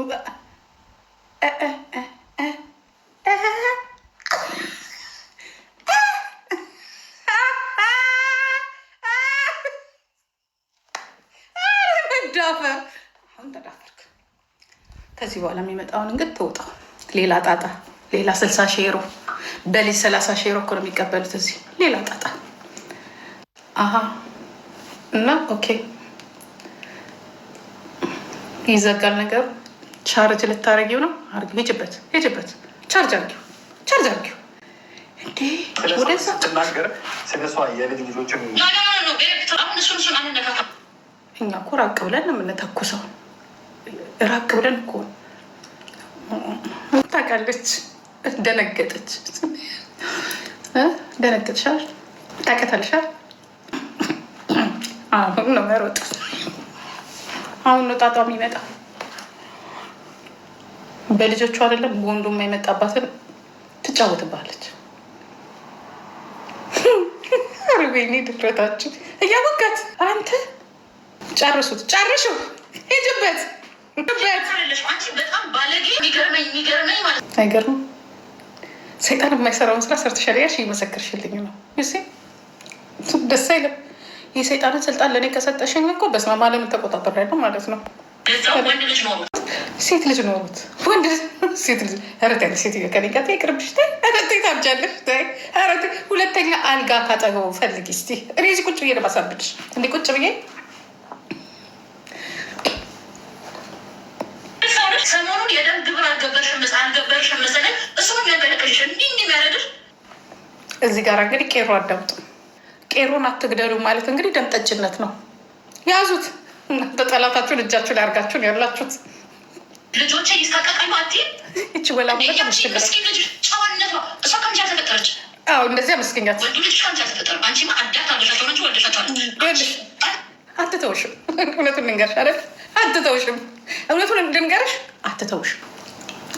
Uh, uh, uh, ከዚህ በኋላ የሚመጣውን እንግዲህ ተውጣ ሌላ ጣጣ፣ ሌላ ስልሳ ሼሮ በሌት ሰላሳ ሼሮ እኮ ነው የሚቀበሉት እዚህ ሌላ ጣጣ አሀ እና ኦኬ ይዘጋል ነገሩ። ቻርጅ ልታረጊው ነው? አርጊው፣ ሄጅበት፣ ሂጅበት፣ ቻርጅ አርጊው፣ ቻርጅ አርጊው። እንዴ ወደዛ እኛ እኮ ራቅ ብለን ነው የምንተኩሰው። ራቅ ብለን እኮ ታውቃለች። ደነገጠች፣ ደነገጥሻል። ታውቂያታለሻል። አሁን ነው መሮጥ፣ አሁን ነው ጣጣ የሚመጣ በልጆቹ አይደለም በወንዱም የመጣባትን ትጫወትባለች። ርቤኔ ድፍረታችን እያወጋት አንተ ጨርሱት፣ ጨርሹ፣ ሄጅበት አይገርም። ሰይጣን የማይሰራውን ስራ ሰርተሻል ያልሽ እየመሰከርሽልኝ ነው። ደስ አይልም። የሰይጣንን ስልጣን ለእኔ ከሰጠሽኝ እኮ በስመ አብ ዓለምን ተቆጣጠር ያለው ማለት ነው። ሴት ልጅ ኖሩት ወንድ ሴት ልጅ ረተ ሴትዮ ከኔ ጋር ይቅርብሽ። ረተ ታብጃለሽ። ረተ ሁለተኛ አልጋ ካጠገቡ ፈልጊ እስኪ። እኔ እዚህ ቁጭ ብዬ ለማሳብድሽ እንዲ ቁጭ ብዬ ሰሞኑን የደም ግብር አልገበርሽም አልገበርሽም መሰለኝ እሱም ያገለቀሽ እንዲህ የሚያደርግሽ እዚህ ጋር እንግዲህ ቄሮ አዳምጡ። ቄሮን አትግደሉ ማለት እንግዲህ ደም ጠጭነት ነው። ያዙት እናንተ ጠላታችሁን እጃችሁ ላይ አርጋችሁን ያላችሁት ልጆቼ ይሳቀቃሉ። አትይም ይቺ ወላጅ እንደዚህ መስገኛት አትተውሽም። እውነቱን ልንገርሽ አይደል? አትተውሽም። እውነቱን ልንገርሽ አትተውሽም።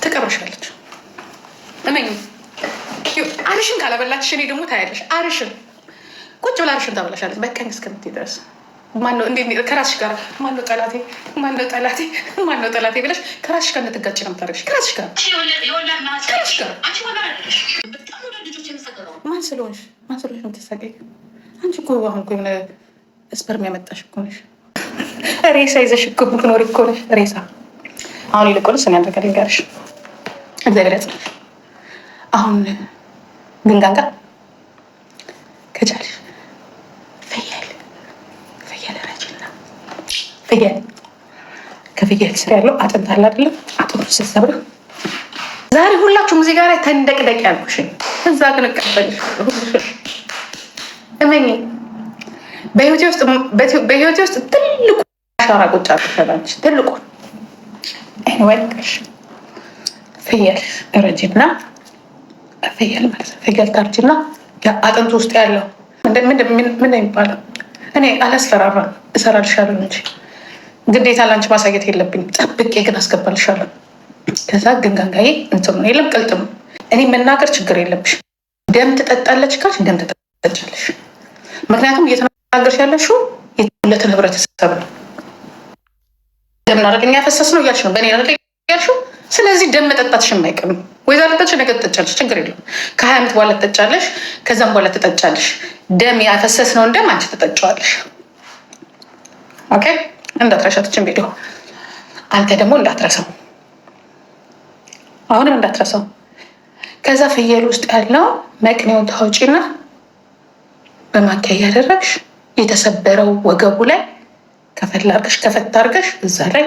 ትቀብርሻለች። እመኝ አርሽን ካላበላችሽ እኔ ደግሞ ታያለሽ። አርሽን ቁጭ ብላ አርሽን ታበላሻለች። በቀኝ እስከምትይ ድረስ ማነው ከራስሽ ጋር ማነው ጠላቴ ማነው ጠላቴ ማነው ጠላቴ ብለሽ ከራስሽ ጋር እንድትጋጭ ነው የምታደርግሽ። ከራስሽ ጋር ከራስሽ ጋር ማን ስለሆንሽ ማን ስለሆንሽ ነው የምትሳቀቂው? አንቺ እኮ አሁን እኮ የሆነ ስፐርም ያመጣሽ እኮ ነሽ። ሬሳ ይዘሽ እኮ የምትኖሪ እኮ ነሽ ሬሳ። አሁን ይልቁንስ እኔ አንድ ነገር ልንገርሽ፣ እግዚአብሔር ያጽናሽ። አሁን ግንጋንጋ ፍየል ስር ያለው አጥንት አለ አይደለም? አጥንቱ ስትሰብር ዛሬ ሁላችሁም እዚህ ጋር ተንደቅደቅ ያልኩሽን እዛ ግን እቀበልሽ እመኝ። በህይወቴ ውስጥ ትልቁ አሻራ ቁጫ አድርገሽ ትልቁ ወቅሽ ፍየል ረጅና ፍየል ማለት ፍየል ታርጅና አጥንቱ ውስጥ ያለው ምን ይባላል? እኔ አላስፈራራም፣ እሰራልሻለሁ እንጂ ግዴታ ላንቺ ማሳየት የለብኝ። ጠብቄ ግን አስገባልሻለሁ። ከዛ ግን ጋንጋዬ እንትን ነው የለም ቅልጥ ነው። እኔ መናገር ችግር የለብሽ። ደም ትጠጣለች ካልሽ ደም ትጠጣለች። ምክንያቱም እየተናገርሽ ያለሽው የተወለትን ህብረተሰብ ነው። ደም ናረቅኛ ፈሰስ ነው እያልሽ ነው በእኔ ናረቅ ያልሽው። ስለዚህ ደም መጠጣትሽ የማይቀም ወይ ዛሬ ጠጭ ነገ ትጠጫለሽ፣ ችግር የለም። ከሀያ ዓመት በኋላ ትጠጫለሽ፣ ከዛም በኋላ ትጠጫለሽ። ደም ያፈሰስ ነውን ደም አንቺ ትጠጫዋለሽ። ኦኬ እንዳትረሻትችን ቪዲዮ አንተ ደግሞ እንዳትረሰው አሁንም እንዳትረሰው። ከዛ ፍየል ውስጥ ያለው መቅኔውን ታውጪና በማኪያ እያደረግሽ የተሰበረው ወገቡ ላይ ከፈላ አድርገሽ ከፈታ አድርገሽ እዛ ላይ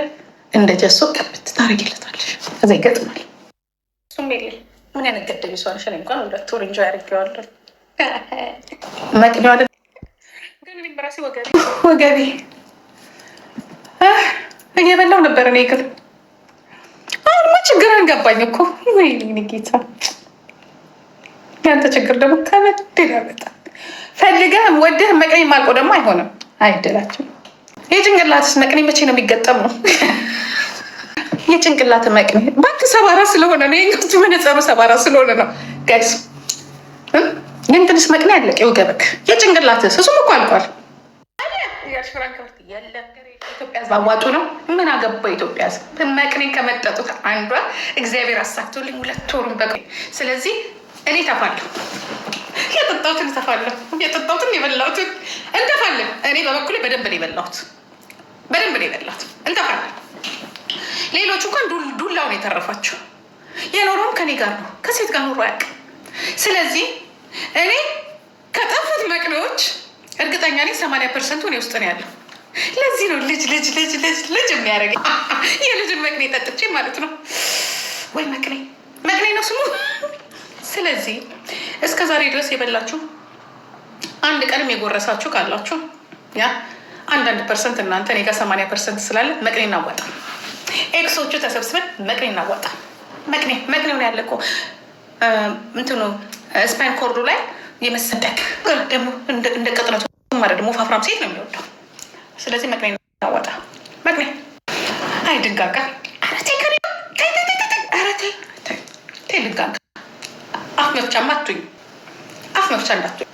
እንደ ጀሶ ቀብት ታደርጊለታለሽ። ከዛ ይገጥማል። እሱም የለም ምን አይነት ገደቢ ሰው ነሽ? እንኳን ሁለት ወር እንጆ ያደርገዋለሁ። መቅኔዋ ግን ወገቤ እየበላው ነበር። እኔ ግን አሁንማ ችግር አልገባኝ እኮ ወይ ጌታ፣ ያንተ ችግር ደግሞ ከበድል በጣም ፈልገህም ወደህ መቅኔ ማልቆ ደግሞ አይሆንም። አይደላችም። የጭንቅላትስ መቅኔ መቼ ነው የሚገጠም ነው? የጭንቅላት መቅኔ እባክህ ሰባራ ስለሆነ ነው የእኛቱ መነጸሩ ሰባ አራት ስለሆነ ነው ጋይስ። ግን ትንሽ መቅኔ አለቅ የወገበክ የጭንቅላትስ እሱም እኮ አልቋል። የለም ኢትዮጵያ ህዝብ አዋጡ ነው። ምን አገባ ኢትዮጵያ ህዝብ። መቅኔ ከመጠጡት አንዷ እግዚአብሔር አሳክቶልኝ ሁለት ወሩን በቅ ስለዚህ እኔ ተፋለሁ የጠጣሁትን ተፋለሁ የጠጣሁትን የበላሁትን እንተፋለን። እኔ በበኩሌ በደንብ ነው የበላሁት፣ በደንብ ነው የበላሁት። እንተፋለን። ሌሎቹ እንኳን ዱላውን የተረፋቸው የኖረውም ከኔ ጋር ነው፣ ከሴት ጋር ኖሮ አያውቅም። ስለዚህ እኔ ከጠፉት መቅኔዎች እርግጠኛ ነኝ ሰማንያ ፐርሰንቱ እኔ ውስጥ ነው ያለው። ለዚህ ነው ልጅ ልጅ ልጅ ልጅ ልጅ የሚያደርገኝ የልጁን መቅኔ ጠጥቼ ማለት ነው። ወይ መቅኔ መቅኔ ነው ስሙ። ስለዚህ እስከ ዛሬ ድረስ የበላችሁ አንድ ቀንም የጎረሳችሁ ካላችሁ ያ አንዳንድ ፐርሰንት እናንተ እኔ ጋ ሰማንያ ፐርሰንት ስላለ መቅኔ እናዋጣ። ኤክሶቹ ተሰብስበን መቅኔ እናዋጣ። መቅኔ መቅኔውን ያለ እኮ እንትኑ ስፓይን ኮርዱ ላይ የመሰደግ ደግሞ እንደ ቅጥነቱ ደግሞ ፋፍራም ሴት ነው የሚወደው ስለዚህ መቅኔ እናወጣ መቅኔ አይ ድንጋጋ አፍ መፍቻ ማቱኝ አፍ መፍቻ እንዳቱኝ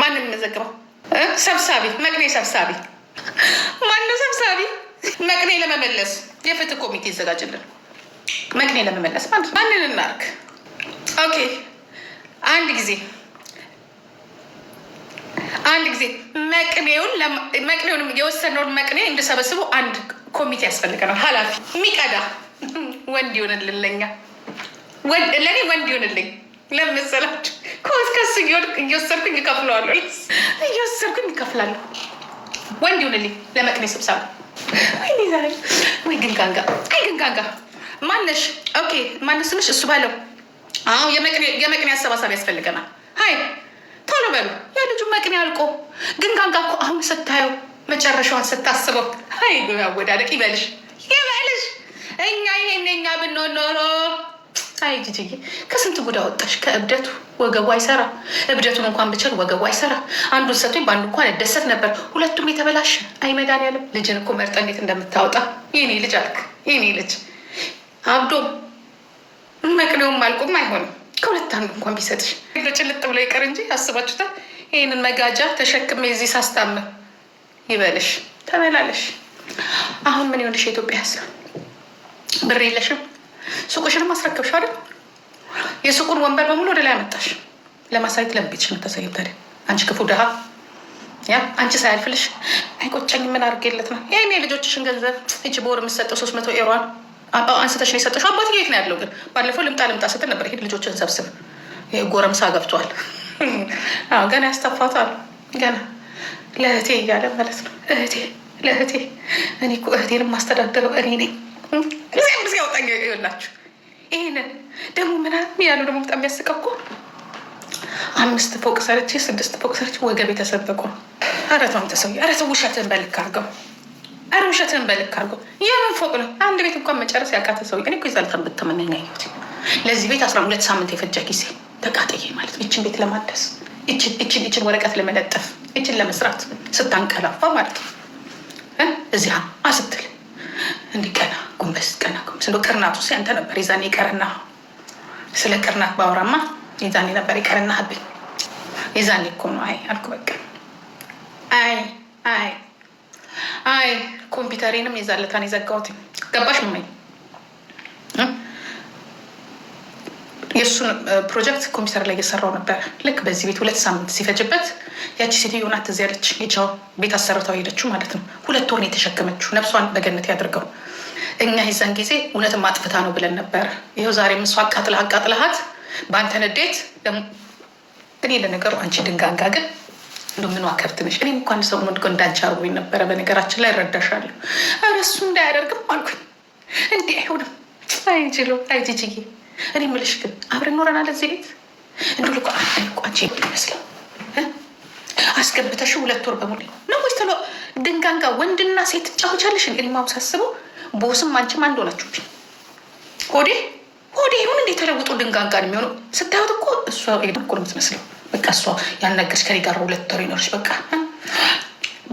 ማንም የሚመዘግበው ሰብሳቢ መቅኔ ሰብሳቢ ማነው ሰብሳቢ መቅኔ ለመመለስ የፍትህ ኮሚቴ ይዘጋጅልን መቅኔ ለመመለስ ማለት ማንን እናርግ ኦኬ አንድ ጊዜ አንድ ጊዜ መቅኔውን መቅኔውን የወሰነውን መቅኔ እንድሰበስቡ አንድ ኮሚቴ ያስፈልገናል። ኃላፊ የሚቀዳ ወንድ ይሆንልን ለኛ ለእኔ ወንድ ይሆንልኝ ለመሰላችሁ ከስ እየወሰድኩኝ ይከፍለዋሉ እየወሰድኩኝ ይከፍላሉ። ወንድ ይሆንልኝ ለመቅኔ ስብሰባ። ወይ ግንጋንጋ አይ ግንጋንጋ ማነሽ? ኦኬ ማነስምሽ? እሱ ባለው አሁ የመቅኔ አሰባሳቢ ያስፈልገናል። ሀይ ቶሎ በሉ። የልጁ መቅኔ አልቆ ግን ጋንጋ እኮ አሁን ስታየው መጨረሻዋን ስታስበው አይ አወዳደቅ ይበልሽ ይበልሽ። እኛ ይሄን እኛ ብንሆን ኖሮ አይ ጅጅዬ ከስንት ጉዳ ወጣሽ። ከእብደቱ ወገቡ አይሰራ እብደቱን እንኳን ብችል ወገቡ አይሰራ። አንዱን ሰቶኝ በአንዱ እንኳን እደሰት ነበር። ሁለቱም የተበላሸ አይመዳን ያለም ልጅን እኮ መርጠ እንዴት እንደምታወጣ የኔ ልጅ አልክ የኔ ልጅ አብዶ መቅኔውም አልቁም አይሆንም። ከሁለት አንዱ እንኳን ቢሰጥሽ ጭልጥ ብሎ ይቀር እንጂ አስባችሁታል? ይህንን መጋጃ ተሸክሜ እዚህ ሳስታም ይበልሽ ተበላለሽ። አሁን ምን ይሆንሽ? የኢትዮጵያ ሕዝብ ብር የለሽም። ሱቁሽንም አስረከብሽ አይደል? የሱቁን ወንበር በሙሉ ወደ ላይ አመጣሽ። ለማሳየት ለምቤትሽ የምታሳየው ታዲያ አንቺ ክፉ ድሃ ያ አንቺ ሳያልፍልሽ አይቆጨኝ ምን አድርጌለት ነው ይህን የልጆችሽን ገንዘብ ይቺ በወር የምሰጠው ሶስት መቶ ኤሯን አንስተሽ ነው የሰጠሽው። አባትዬ የት ነው ያለው ግን? ባለፈው ልምጣ ልምጣ ስትል ነበር። ሂድ ልጆችን ሰብስብ፣ ጎረምሳ ገብቷል። አዎ ገና ያስተፋታል። ገና ለእህቴ እያለ ማለት ነው። እህቴ ለእህቴ እኔ እኮ እህቴን የማስተዳደረው እኔ ነኝ። እዚም ጊዜ ያወጣኝ ይላችሁ። ይህንን ደግሞ ምናምን ያሉ ደግሞ በጣም የሚያስቀው እኮ አምስት ፎቅ ሰርቼ ስድስት ፎቅ ሰርቼ ወገቤ ተሰበቁ። ኧረ ተው አንተ ሰውዬ፣ ኧረ ተው ውሸትን በልክ አድርገው ኧረ ውሸትህን በልክ አድርጎ የምን ፎቅ ነው? አንድ ቤት እንኳን መጨረስ ያቃተ ሰው እኔ እኮ የዛልተን ብትምንኝ ያየሁት ለዚህ ቤት አስራ ሁለት ሳምንት የፈጀ ጊዜ ተቃጠየ ማለት ነው። እችን ቤት ለማደስ እችን እችን ወረቀት ለመለጠፍ እችን ለመስራት ስታንቀላፋ ማለት ነው። እዚያ አስትል እንዲህ ቀና ጎንበስ ቀና ጉንበስ እንደ ቅርናቱ ሲያንተ ነበር የዛኔ ቀርና ስለ ቅርናት ባወራማ የዛኔ ነበር የቀርና ብኝ የዛኔ እኮ ነው። አይ አልኩ በቃ አይ አይ አይ ኮምፒውተሬንም የዛለታን የዘጋሁት ገባሽ መመኝ የእሱን ፕሮጀክት ኮምፒውተር ላይ እየሰራው ነበር። ልክ በዚህ ቤት ሁለት ሳምንት ሲፈጅበት ያቺ ሴትዮ ናት እዚህ ያለች የቻው ቤት አሰርታው ሄደችው ማለት ነው። ሁለት ወር የተሸከመችው ነፍሷን በገነት ያደርገው። እኛ የዛን ጊዜ እውነትም ማጥፍታ ነው ብለን ነበር። ይኸው ዛሬ እሷ አቃጥላ አቃጥለሃት በአንተ ንዴት እኔ ለነገሩ አንቺ ድንጋጋ ግን እንደ ምኗ ከብት ነሽ? እኔም እኮ አንድ ሰሞኑን እኮ እንዳንቺ አርጎኝ ነበረ። በነገራችን ላይ እረዳሻለሁ። ኧረ እሱ እንዳያደርግም አልኩኝ። እንዲህ አይሆንም። አይችሉ አይጅጅዬ፣ እኔ ምልሽ ግን አብረን ኖረናል እዚህ ቤት እንዱ ልኮ አንቋጭ ይመስለው አስገብተሽ ሁለት ወር በሙሉ ነው ወይስ ተሎ ድንጋንጋ ወንድና ሴት ትጫወቻለሽ? እኔ ማም ሳስበው ቦስም አንቺም አንድ ሆናችሁ ሆዴ ሆዴ ይሁን እንዴ ተለውጦ ድንጋንጋ የሚሆነው። ስታዩት እኮ እሷ ሄድ እኮ ነው የምትመስለው። በቃ እሷ ያልነገርሽ ከኔ ጋር ሁለት ወር ይኖርሽ። በቃ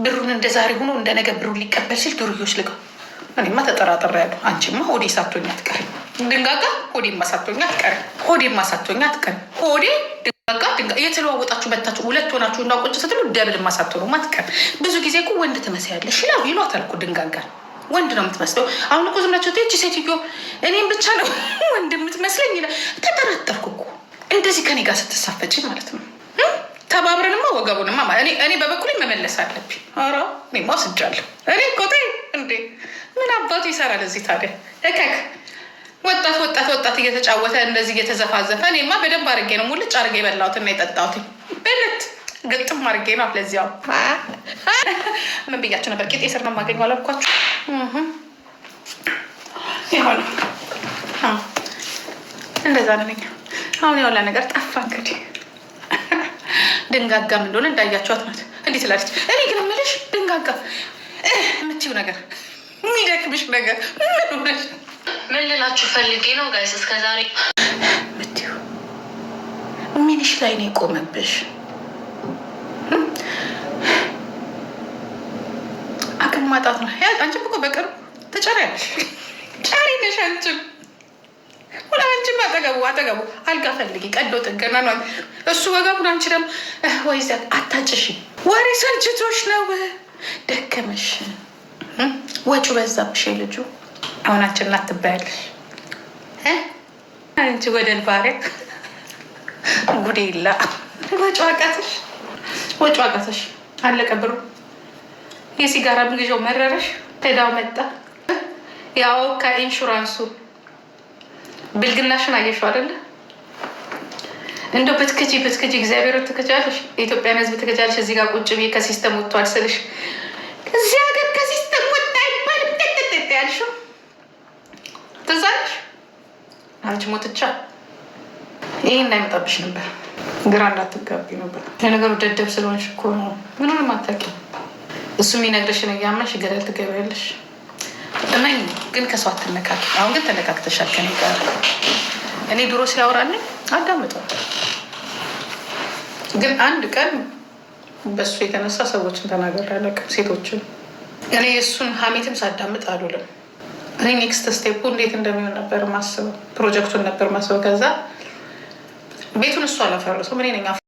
ብሩን እንደ ዛሬ ሆኖ እንደ ነገ ብሩን ሊቀበል ሲል ዱርዮች ልቀው። እኔማ ተጠራጠር ያሉ አንቺማ ሆዴ ሳቶኛ አትቀርም ድንጋጋ። ሆዴ ማሳቶኛ አትቀርም። ሆዴ ማሳቶኛ አትቀርም። ሆዴ ድንጋጋ ድንጋ የተለዋወጣችሁ መታችሁ ሁለት ሆናችሁ እንዳቆጭ ስትሉ ደብል ማሳቶ ነው ማትቀር። ብዙ ጊዜ እኮ ወንድ ትመስያለሽ ይላሉ ይሏታል እኮ ድንጋጋ ወንድ ነው የምትመስለው። አሁን እኮ ዝምናቸው ናቸው። ሴትዮ እኔም ብቻ ነው ወንድ የምትመስለኝ ይላል። ተጠራጠርኩ እኮ እንደዚህ ከኔ ጋር ስትሳፈጭ ማለት ነው። ወገቡንማ እኔ በበኩሌ መመለስ አለብኝ። ኧረ እኔማ ወስጃለሁ። እኔ ኮቴ እንዴ ምን አባቱ ይሰራል እዚህ ታዲያ? እከክ ወጣት ወጣት ወጣት እየተጫወተ እንደዚህ እየተዘፋዘፈ እኔማ በደንብ አድርጌ ነው ሙልጭ አድርጌ እና የጠጣሁት በለት ግጥም አድርጌ ነው። ለዚያው ምን ብያቸው ነበር? ቂጤ ስር ነው የማገኘው አላልኳቸው ይሆነ እንደዛ ነው። አሁን የወላ ነገር ጠፋ እንግዲህ ድንጋጋም እንደሆነ እንዳያቸዋት ናት። እንዴት ላለች። እኔ ግን ምልሽ ድንጋጋ የምትይው ነገር የሚደክምሽ ነገር ምን ሆነሽ? ምን ልላችሁ ፈልጌ ነው ጋይስ፣ እስከ ዛሬ ምትዩ ምንሽ ላይ ነው የቆመብሽ? አቅም ማጣት ነው። አንቺም እኮ በቅርብ ተጨሪያለሽ። ጨሪ ነሽ አንቺም ሁላንችም አጠገቡ አጠገቡ አልጋ ፈልጊ፣ ቀዶ ጥገና ነው እሱ ወገቡ። አንቺ ደግሞ ወይ አታጭሽ፣ ወሬ ሰልችቶሽ ነው፣ ደከመሽ፣ ወጪው በዛብሽ። ልጁ አሁናችን እናትባያለሽ አንቺ ወደን ባሪያ ይላ ወጪው አቃተሽ፣ ወጪው አቃተሽ፣ አለቀ ብሩ። የሲጋራ ብግዣው መረረሽ፣ ተዳው መጣ ያው ከኢንሹራንሱ ብልግናሽን አየሽው አይደለ? እንደው ብትክጂ ብትክጂ እግዚአብሔር ትክጃለሽ፣ የኢትዮጵያን ሕዝብ ትክጃለሽ። እዚህ ጋር ቁጭ ብዬ ከሲስተም ወጥቷል ስልሽ እዚህ ሀገር ከሲስተም ወጣ ይባል ጠጠጠ ያልሽው ትዝ አለሽ። አንቺ ሞትቻ ይህ እንዳይመጣብሽ ነበር፣ ግራ እንዳትጋቢ ነበር። ለነገሩ ደደብ ስለሆንሽ እኮ ነው፣ ምንም አታውቂም። እሱ የሚነግርሽን እያመንሽ ገደል ትገቢያለሽ። እመኝ ግን ከሰው አትነካኪ። አሁን ግን ተነካክተሻል ከኔ ጋር። እኔ ድሮ ሲያወራልኝ አዳምጠው፣ ግን አንድ ቀን በሱ የተነሳ ሰዎችን ተናገር አላውቅም፣ ሴቶችን። እኔ የእሱን ሀሜትም ሳዳምጥ አሉልም። እኔ ኔክስት ስቴፑ እንዴት እንደሚሆን ነበር ማስበው፣ ፕሮጀክቱን ነበር ማስበው። ከዛ ቤቱን እሱ አላፈረሰው ምን ነኛ